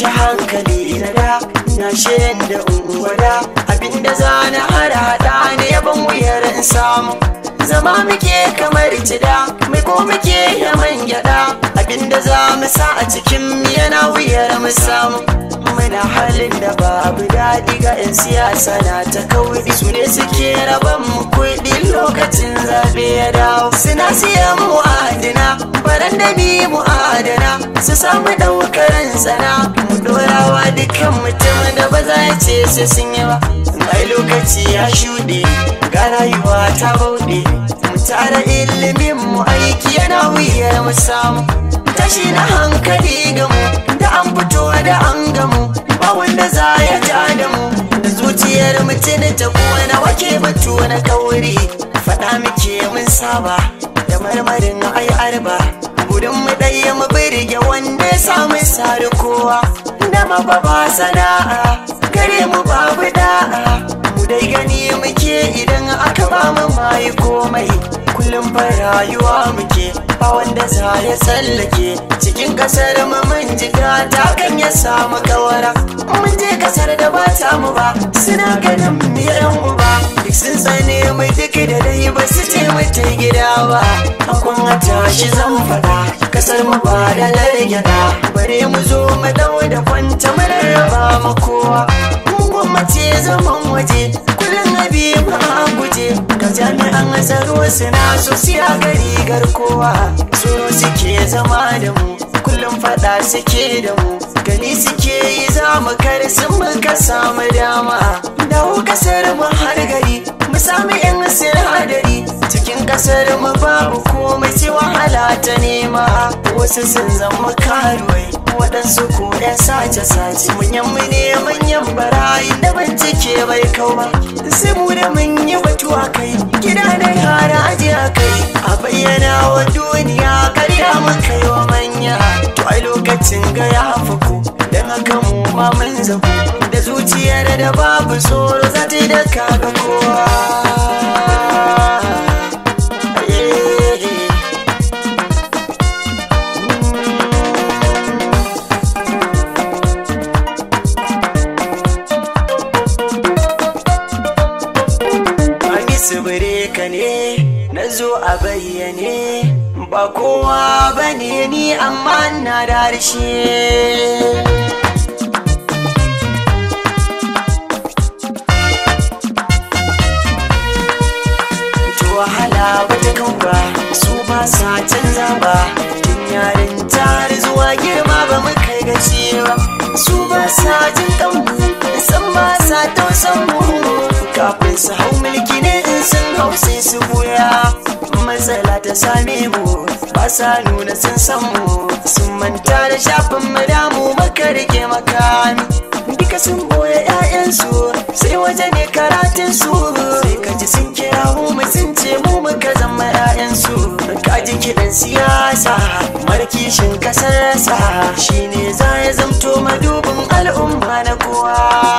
tashi hankali na da na da ungwada abinda zana harhaɗa ne yabon wuyar in samu zama muke kamar cida mai ko muke yaman gyaɗa abinda za mu sa a cikin yana wuyar mu samu mana halin da ba abu daɗi ga 'yan siyasa na ta kawai su ne suke raban mu kuɗi lokacin zaɓe ya dawo suna siyan mu adina baran da bi mu adana su samu ɗaukaran sana mu dorawa dukkan mutum da ba za ya ce sai sun yi ba Mai lokaci ya shuɗe ga rayuwa ta bauɗe mu tara ilimin mu aiki yana wuyar mu samu tashi na hankali gamu da an fito da an gamu ba wanda za ya ja da mu zuciyar mutum ta na wake batu na kauri faɗa muke mun saba da marmarin ai arba gudun mu ɗaya mu birge wanda samun samu sari kowa da mababa sana'a gare mu babu da'a mu dai gani muke idan aka ba mu mai komai kullum fa rayuwa muke a wanda za ya tsallake kasar mu mun ji ta kan ya samu kawara mun je kasar da ba ta mu ba suna ganin mu yan uba duk sun sani mai duk da dai ba su ce mu ta gida ba akwai a tashi zan faɗa kasar mu ba da largyada bare mu zo mu dawo da kwanta mu rarraba mu kowa Mun gwamnati zaman waje Kullum abi a guje ga jami'an tsaro suna so siya gari garkowa su suke zama da mu kullum fada suke da mu gani suke yi za mu kar sun ka samu dama dawo kasar mu har gari mu samu yan hadari cikin kasar mu babu komai sai wahala ta nema wasu sun zama karuwai waɗansu ko ɗan sace-sace munyan mu ne manyan barayi da bincike bai kau ba sai mu da mun yi batu a kai gida dai haraji aji a kai a bayyana wa duniya cin ga ya faku dan haka mu ma mun zaku da zuciyar da babu tsoro za ta yi da kowa Tsibire ka ne, na zo a bayyane ba kowa bane ni amma ina da harshe wahala bata kan ba su ba sa canza ba tun yarin har zuwa girma ba mu kai gaci ba su ba sa jin kanmu san ba sa tausan mu kafin su hau mulki ne in sun hau sai su buya matsala ta same mu ba sa nuna sun san mu sun manta da shafin madamu damu rike maka duka sun boye 'ya'yansu sai waje ne karatun su sai ka ji sun kira mu mu sun ce mu muka zama 'ya'yansu ka ji kiɗan siyasa markishin kasarsa shine za ya zamto madubin al'umma na kowa